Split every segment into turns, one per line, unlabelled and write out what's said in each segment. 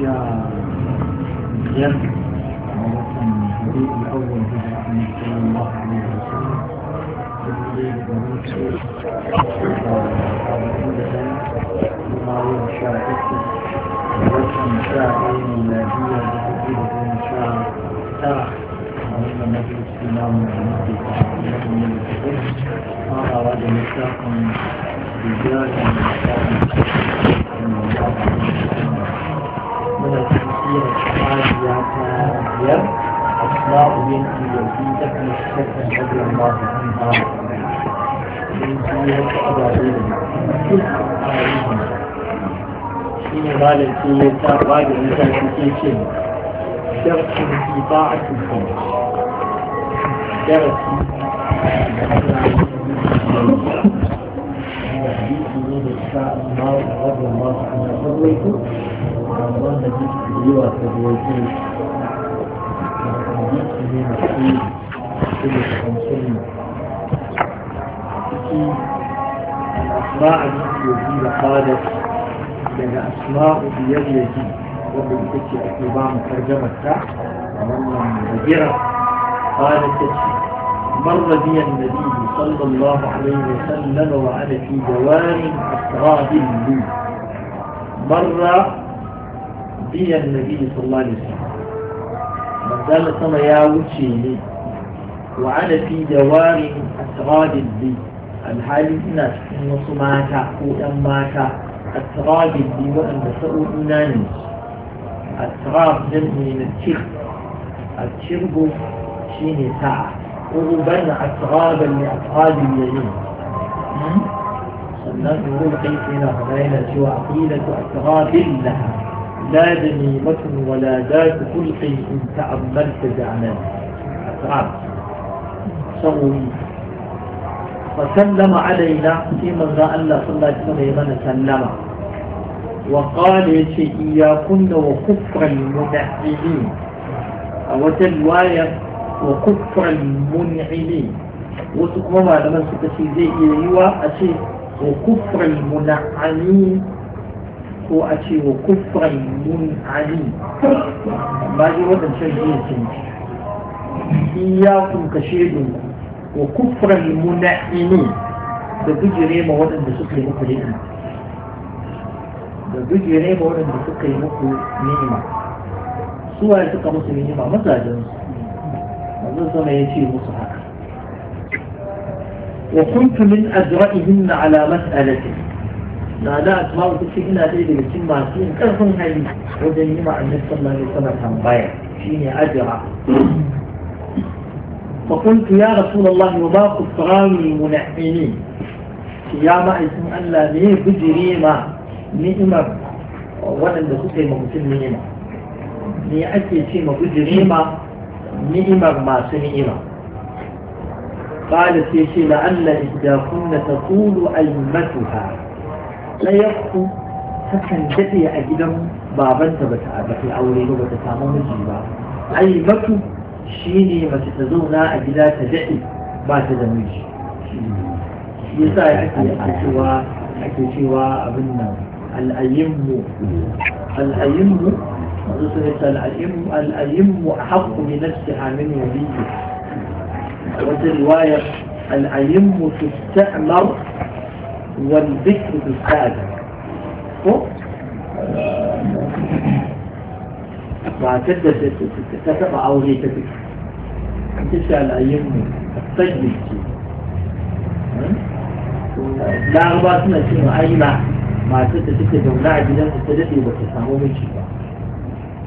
أشياء غير الحديث الأول عن صلى الله عليه وسلم ما ينشا وكم شاعر ميلادية بتجيب من شاعر ترى وإن مجلس الإمام المهدي من الحديث ما أراد مشاقا رجالا من الله من الخمسين الثمانية ثانية أسماء بنت يزيد بن الحسن رضي الله عنها بنت أبراهيم شيء قال في تابع في من في طاعة الخمر درس حديث من الشاعر رضي الله عنه رمضان نجيب ليه وتزوجيه نجيب ليه كل خمسين أسماء يجي لقادة لأن أسماء بيد يجي ومن تكي أتباع مترجمة تحت ومن مديرة قالت تكي مر بي النبي صلى الله عليه وسلم وأنا في جوار أسراب لي مر دين النبي صلى الله عليه وسلم من زال سما يا وجهي وعلى في دوار أسرار لي الحال إن وصماتا وأماتا أسرار لي وأن سؤولنا نسي التراب جمع من الشرب الشرب شيني ساعة وربنا أترابا لأتراب اليمين sannan in ruwa kai ke na fada yana cewa aqilatu atrabil laha لا جميمة ولا ذات خلق إن تأملت زعما أتعب سوي فسلم علينا في أن لا صلى الله عليه وسلم سلم وقال يشي إياكن وكفر المنعمين أو تلواية وكفر المنعمين وتقوم على من ستشيزي زي إليوا وكفر المنعمين أتي وكفرا منعدين ما يرد أن شيء إياكم كشيد وكفرا منعدين بدجي ريما ورد أن تسكي مقلئا بدجي ريما ورد أن تسكي مقلئا سوى يتقى مسلمين ما مزا جنس مزا سمع يتي مصحك وكنت من أدرئهن على مسألتك ذات ماو تشكينا دي دي تشين ما في ان صلى الله عليه وسلم كان باي شيني اجرا فقلت يا رسول الله وباق الصرام المنعمين يا اسم الله ليه بجري ما نعمة وانا ده كتير ني أكي شيء ما بجري ما ما سنعمة قالت يا لعل إذا كنت تقول ألمتها ɗayarku takan daɗe a gidan babanta ba ta ba aure ba ba ta samu miji ba ai batu shi ne mace ta zauna a gida ta daɗe ba ta da miji shi yasa ake cewa ake cewa abin nan al'ayyimmu al'ayyimmu masu sun yi al'ayyimmu al'ayyimmu a haƙƙu ne na cihamin yabiyu wata riwayar al'ayyimmu su ta'amar والذكر بالسادة وعتد تتبع أو غيت بك تسأل أيامي الطيب الشيء أه؟ لا أغباطنا شنو أي ما ما عتد تتبع ولا عدنا تتدفي وبتسامو من شبا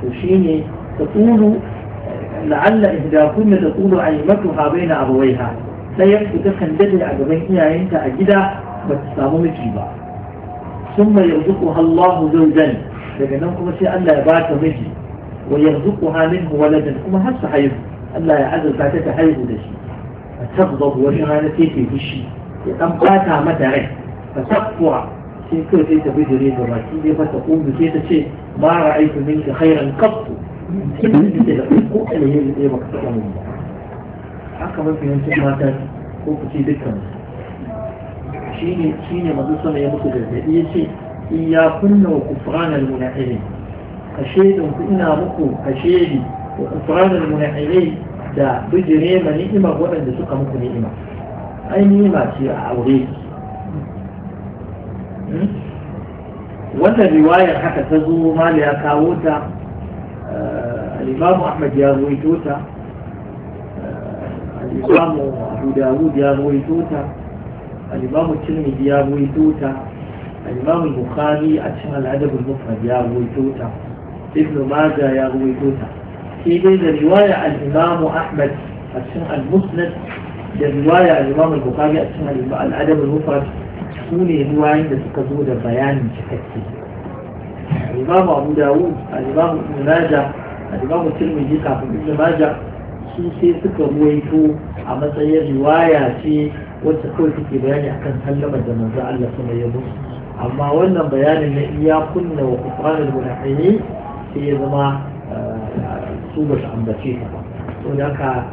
وشيني تطول لعل إذا كنا تطول عيمتها بين أبويها سيكتب تخندد عبوين إياه أنت أجده فتسامم جيبا ثم يرزقها الله زوجا لكن نوم كما شيء ألا يبات مجي ويرزقها منه ولدا كما هل سحيب ألا يعزل فاتة حيب دشي فتغضب وجهها نتيتي بشي يقام باتا متعه فتقفع سيكو تيتا بيدري الراكيبي فتقوم بكيتا شيء ما رأيت منك خيرا قط كيف تتلقى قوة اللي هي مكتبة من الله حقا ما في ينسك ما تاتي قوة شيء shine shine manzo sama ya muku gargadi yace kunna wa kufran al-munafiqin kashedin ku ina muku kashedi wa kufran al-munafiqin da bijire ma ni'ima waɗanda suka muku ni'ima ai ni'ima ce a aure hmm? wannan riwayar haka ta zo mali ya kawo ta eh, al-imamu ahmad ya ruwaito ta eh, al-imamu abu dawud ya ruwaito ta الإمام الترمذي يا أبوي توتا الإمام البخاري أشهر الأدب المفرد يا أبوي توتا ابن ماجه يا أبوي توتا في بين رواية الإمام أحمد أشهر المسند الرواية الإمام البخاري أشهر الأدب المفرد سوني هو عند تكذود بيان شكتي الإمام أبو داود الإمام ابن ماجه الإمام الترمذي كافي ابن ماجه سوسي سكر ويتو a matsayin riwaya ce wacce kawai take bayani akan sallama da manzo Allah sama ya musu amma wannan bayanin na iya kunna wa kufranul munafiqin sai ya zama eh, su ba su ambace ta ba da ka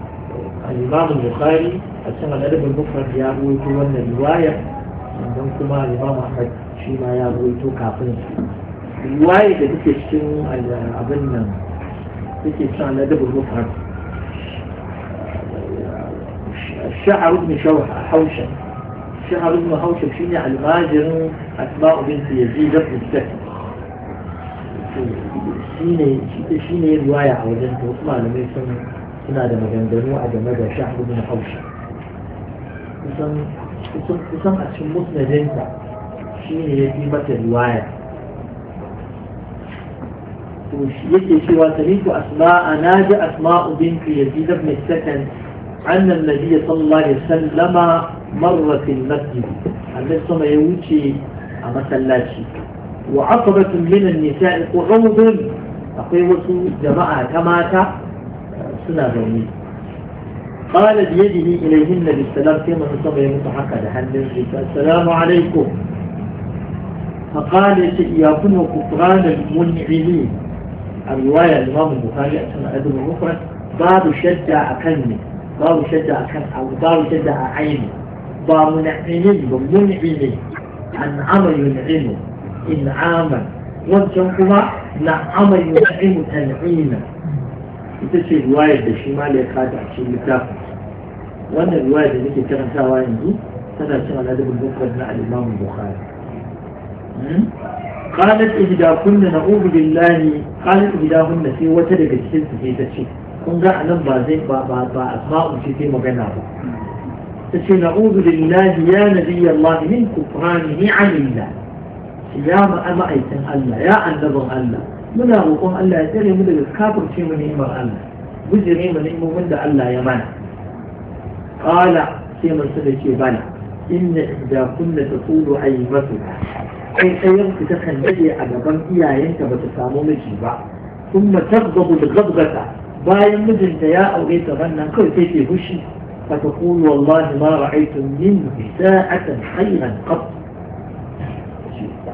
al-Imam Bukhari a cikin al-Adab al-Mufrad ya rawaito wannan riwaya sannan kuma al-Imam Ahmad shi ma ya rawaito kafin riwaya da take cikin eh, abin nan take cikin al-Adab al-Mufrad شعر ابن شوحة حوشم شعر ابن حوشم شيني على ماجر أتباع بنت يزيد ابن الزكي شيني شيني رواية عوزنت وطمان ما يسمى هنا ده مجندن وعد مدى شعر ابن حوشم يسمى يسمى يسمى أشم مصنع جنسة شيني يدي مدى رواية يكي شيوان سميت أسماء ناجي أسماء بنت يزيد ابن الزكي أن النبي صلى الله عليه وسلم مر في المسجد النبي صلى الله عليه وسلم يوشي أما سلاشي وعصبة من النساء قعود أقوى جماعة كماتا سنة دوني قال بيده إليهن بالسلام كما نصب يمتحك لحن السلام عليكم فقال إياكن كفران المنعمين الرواية الإمام البخاري أسمع أدب المفرد باب شد أكلمك باب شجع كفع باب شجع عيني باب نعيمي ومنعيمي عن عمل إن إنعاما وانتم قلع نعم ينعم تنعيما انت شيء رواية بشمال يقاد عشي متاف وانا رواية لكي ترمسا وانا دي سنة سنة لدب المفرد مع الإمام البخاري قالت إهدا كن نعوذ بالله قالت إهدا كن نسي وتلك الشيء في تشيء kun ga anan ba zai ba ba ba asma'u ce sai magana ba tace na'udhu billahi ya nabiy Allah min kufranihi anillah ya ma'aikin Allah ya annabin Allah muna roƙon Allah ya tsare mu daga kafirce mu ni'imar Allah gujire mu ni'imomin da Allah ya mana qala sai mun da ce bana inna idza kunna taqulu aymatuka kai tsayen ku ta kan dade a gaban iyayenta bata samu miji ba kuma tagdabu da gabgata bayan mijinta ya aure ta wannan kawai sai ke fushi فتقول والله ما رأيت منه ساعة خيرا قط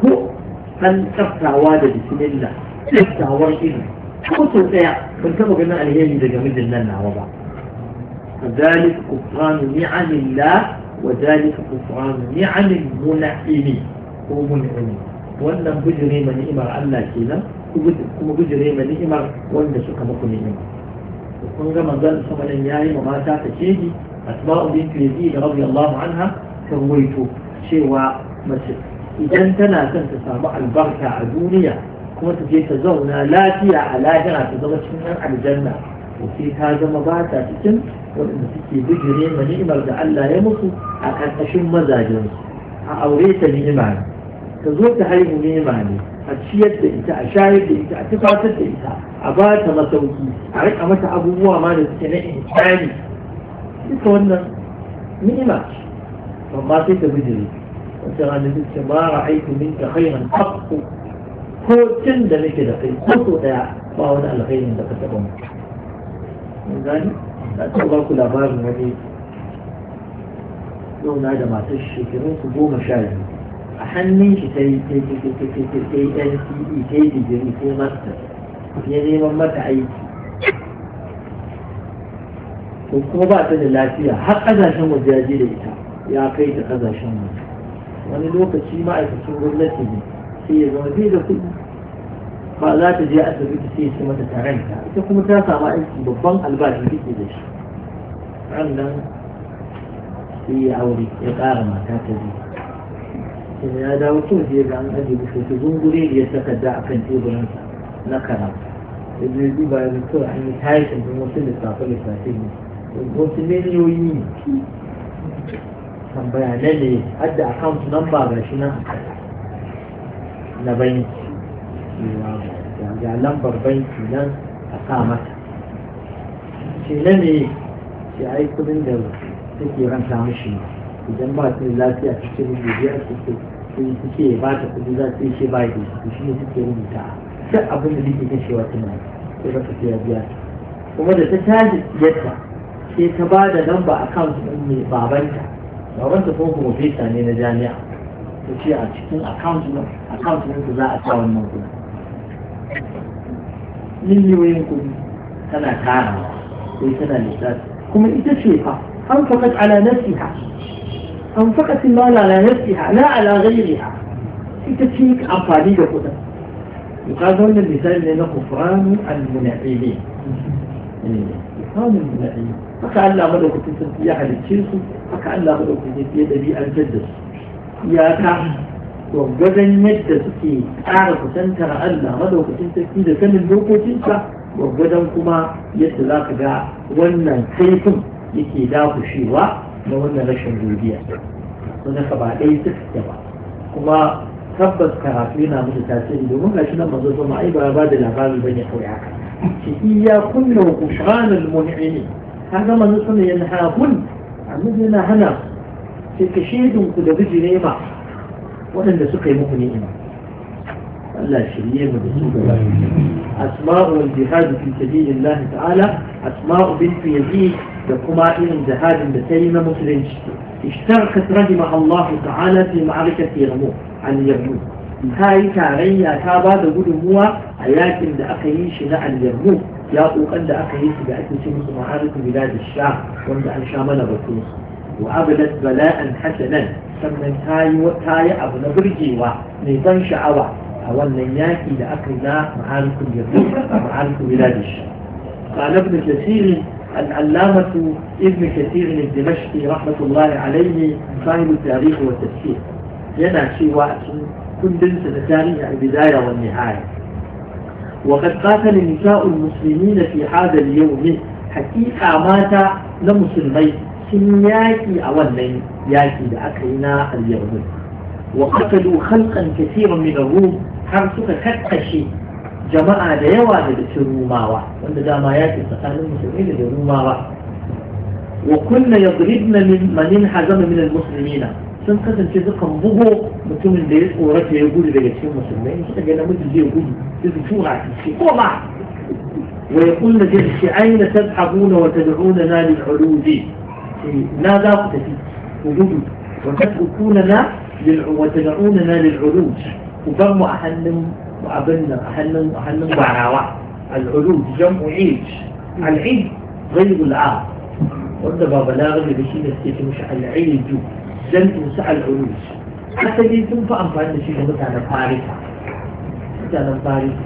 ko an tsaftawa da bismillah tsaftawar ilmi ko sau daya ban taba ganin alheri daga mijin nan nawa ba ذلك كفران نعم الله وذلك كفران نعم المنعم ومنعم wannan bijire ma ni'imar Allah kenan kuma bijire ma ni'imar wanda suka muku ni'ima kun ga manzon sama nan yayi ma mata ta keji asba'u bint yazid radiyallahu anha ta waito cewa mace idan tana son ta samu albarka a duniya kuma ta je ta zauna lafiya a lahira ta zama cikin yan aljanna to sai ta zama ba ta cikin waɗanda suke bijire ma ni'imar da Allah ya musu a ƙarƙashin mazajensu a aure ta ni'ima ne ta zo ta haihu nema ne a ciyar da ita a shayar da ita a tufatar da ita a ba ta masauki a rika mata abubuwa ma da suke na ihsani duka wannan ni'ima ce amma sai ta bijire wata ranar ta ce ma ra'aitu minka khairan haqqu ko cin da nake da kai ko so daya ba wani alkhairin da ka taba mu gani na ta ba ku labarin wani yau na da matar shekarun su goma sha biyu a hannun shi ta yi ta yi ta yi NCE ta yi digiri ta yi master ya neman mata aiki ko kuma ba ta da lafiya har ƙasashen waje ya je da ita ya kai ta ƙasashen waje wani lokaci ma'aikacin gwamnati ne sai ya zama zai da kuɗi ba za ta je asibiti sai ce mata ta ranta ita kuma ta samu aiki babban albashi take da shi ran nan sai ya aure ya ƙara mata ta biyu ya dawo kin zai ga an ajiye musu su zungure da ya da a kan teburinsa na karatu da zai ba ya zuwa an yi tashin don wasu da safe ne wasu miliyoyi ne tambaya na ne hadda account number ga shi nan na banki ga lambar banki nan a sa mata ce na ne ce yi kudin da take ranta mashi ne idan ba su lafiya su ce mun biyar ta ce sai suke ya ba ta kuɗi za yi shi ba ya da shi ne suke rubuta duk abin da nake kashewa tana sai ba ta ce ya biya kuma da ta caji yadda sai ta ba da lamba su ɗin mai babanta babanta ko kuma fesa ne na jami'a ta ce a cikin akawunt ɗin account za a sa wannan kuɗi miliyoyin kudi tana tarawa sai tana lissafi kuma ita ce fa an fakat ala nafsiha أنفقة المال على نفسها لا على غيرها في تشيك أمفاني لكتا يقال هنا المثال لنا كفران المنعيمين يعني كفران المنعيمين فكأن لا ملوك تنسى أحد الشيخ فكأن لا ملوك تنسى يدبي الجدس يا إياك وقدن مدة سكي أعرف سنتر ألا ملوك تنسى إذا كان الملوك تنسى وقدن كما يتلاقى ونن سيفم يكي داخل شيوا da wannan rashin godiya wanda ka ba ɗaya suka ke ba kuma tabbas karatu yana musu tasiri domin ga shi nan manzo zama ai ba ba da labari bane kawai haka shi iya kunna wa kushanul mu'mini har ga manzo sama yana hakun annabi yana hana shi ka shaidun ku da ne ma waɗanda suka yi muku ni'ima Allah shirye mu da su gaba asma'u wal jihad fi sabilillah ta'ala asma'u bint yazid كما إن زهاد بسيمة مسلم اشترك رحمة الله تعالى في معركة يرمو عن يرمو هاي كاري كابا دقود هو أياكم دا أخيش لا عن يرمو يا أوقن دا أخيش بأكل معارك بلاد الشام وان دا أنشام لبكوس وأبلت بلاء حسنا سمن هاي وطاي أبن برجيوة نيطان شعوة أولا ياكي دا أخينا معارك يرمو معارك بلاد الشام قال ابن كثير العلامة ابن كثير الدمشقي رحمة الله عليه فاهم التاريخ والتفسير ينا شيء وأكل كندن ستتاريخ البداية يعني والنهاية وقد قاتل نساء المسلمين في هذا اليوم حقيقة مات لمسلمين سنياكي أولا ياكي لأكلنا اليوم وقتلوا خلقا كثيرا من الروم حرسك شيء jama'a da yawa daga cikin rumawa wanda dama ya ce tsakanin musulmi da rumawa wa kunna yadribna min manin hazama min almuslimina sun kasance sukan bugo mutumin da ya tsorata ya gudu daga cikin musulmai suka ga namiji zai gudu sai su tura shi ko ba wa yaqulna jashi aina tadhabuna wa tad'unana lil uludi na za ku tafi ku gudu wa tad'unana lil wa tad'unana lil ulud ku bar mu a hannun وعبدنا أحلنا أحلنا بعراوة العلوم جمع عيج العيج غير العار وده بابا لا غير بشي نسيت مش العيج جمع نسع العلوم حتى دي فأم فأنا شيء مثلا فارسة مثلا فارسة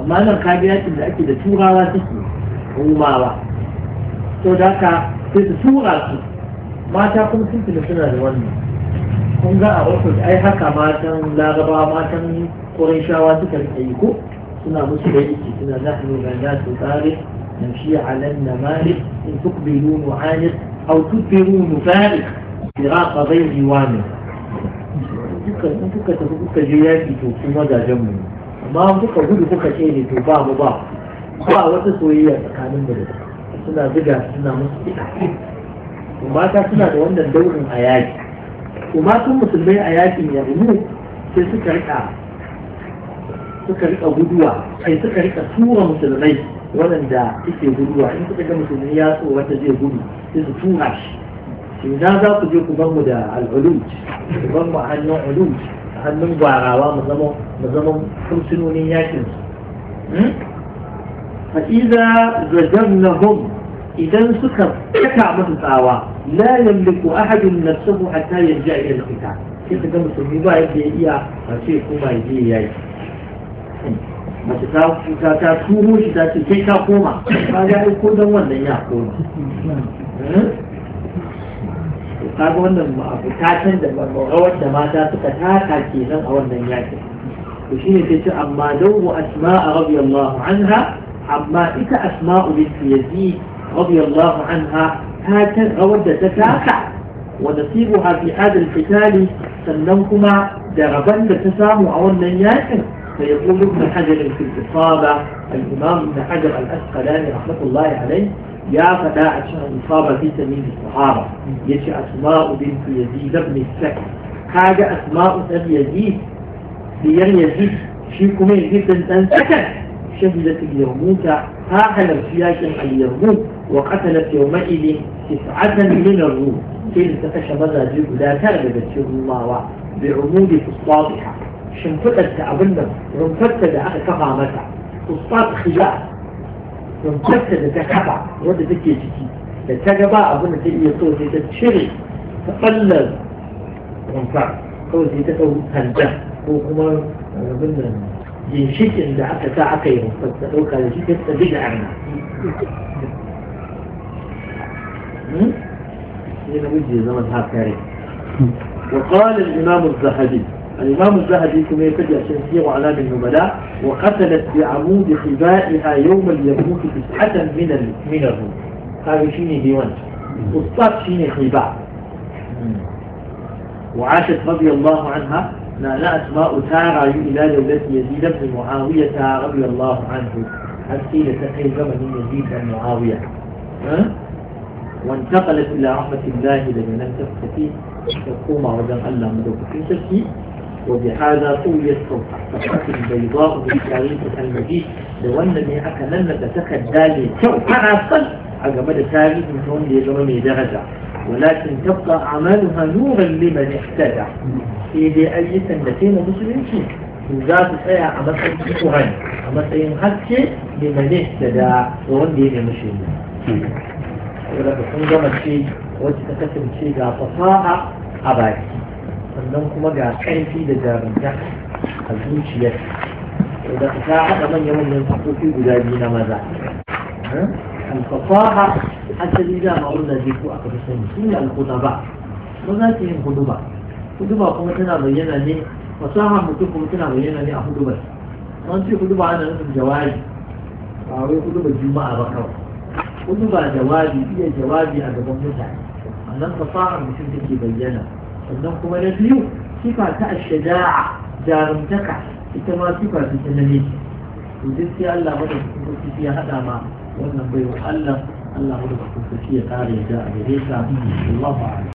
amma nan kabiyatin da ake da turawa suke rumawa to da haka sai su tura su mata kuma sun kun ga a ofis ai haka matan laraba matan ƙurayshawa suka rike ko suna musu da yake suna nahnu su tsari نمشي على النمارق إن تقبلوا نعانق أو تدبروا a zai yi wani. in kuka tafi kuka je yaƙi to ku wajajen mu amma kuka gudu kuka ce ne to ba mu ba ba wata soyayya tsakanin mu da suna zuga suna musu ita. mata suna da wannan daurin a yaki to matan musulmai a yakin yarmu sai suka rika suka rika guduwa sai suka rika tura musulmai waɗanda suke guduwa in suka ga musulmi ya so wanda zai gudu sai su tura shi shin za za ku je ku ban mu da al'uluj ku ban mu hannun uluj hannun gwarawa mu zama mu zama fursunonin yakin su fa iza zajamnahum idan suka kaka masa tsawa la yamliku ahadun nafsuhu hatta yarja ila al-qital sai ka ga musulmi ba yadda ya iya ba ce kuma ya yayi mace ta ta ta turo shi ta ce kai ka koma ba ga ko dan wannan ya koma eh? ga wannan bukatan da rawar da mata suka taka kenan a wannan yakin to shine sai ce amma dawu asma'a Allah anha amma ita asma'u bint yazid رضي الله عنها هكذا أود تتاكع ونصيبها في هذا القتال سلمكما دربا لتسامع والنياك فيقول ابن حجر في الإصابة الإمام ابن حجر الأسقلاني رحمة الله عليه يا فتاة عشان الإصابة في سبيل الصحابة يشي أسماء بنت يزيد بن السكن حاجة أسماء بن يزيد بير يزيد شيكم جدا تنسكت سكن شهدت اليوموت فاعل ارتياج اليهود وقتلت يومئذ تسعة من الروم في التفش مدى جيب لا تغلب تيوب الله بعمود فصاطحة شنفتت أبنى رمفتت أخي كفامتا فصاط خجاء رمفتت تكفى ودى تكي جتي لتكفى أبنى تلي يطول إيه؟ في تتشري تقلل رمفتت قوزي تتو تنجح وكما أبنى آه، من da دعك sa aka yi هذا ɗauka da shi ta bida ana sai na miji وقال الإمام الزهدي الإمام الزهدي كما يفجأ شمسية وعلام النبلاء وقتلت بعمود خبائها يوم اليموت تسعة من من الروم هذا شيني ديوان أسطاب شيني خباء وعاشت رضي الله عنها لا أسماء تارع إلى دولة يزيد بن معاوية رضي الله عنه حسين تقي زمن يزيد بن معاوية وانتقلت إلى رحمة الله لمن تفتي تقوم ألا مدوك في شكي وبهذا طويت صفحة البيضاء بالتاريخ المجيد لو أنني أكلمك تكدالي كو أنا أصل أجمد تاريخ من هون لزمن درجة ولكن تبقى أعمالها نورا لمن احتدع في دي أي سنتين مسلم فيه وزاد فيها عمسة كهن عمسة ينحك لمن احتدع ورد دي المشينة ولا بخنجم الشيء وتتكتب الشيء جاء تصاعة عباد فنمكم جاء تحين في دجاب انتحك هزوج يس وإذا تصاعة من يمن ينفقوا في قدادين ماذا ها؟ alfasaha asali da ma'un da zai aka fi sani su ne alkhutaba ba za su yin huduba huduba kuma tana bayyana ne fasaha mutum kuma tana bayyana ne a hudubar an ce huduba ana nufin jawabi ba wai huduba juma'a ba kawai huduba jawabi iya jawabi a gaban mutane sannan fasahar mutum take bayyana sannan kuma na biyu sifa ta ashja'a jarumtaka ita ma sifa ta namiji to sai Allah madaukakin sarki ya hada ma وأنه يحلق أنه لبقى كثير عالية جاء بريسا الله أعلم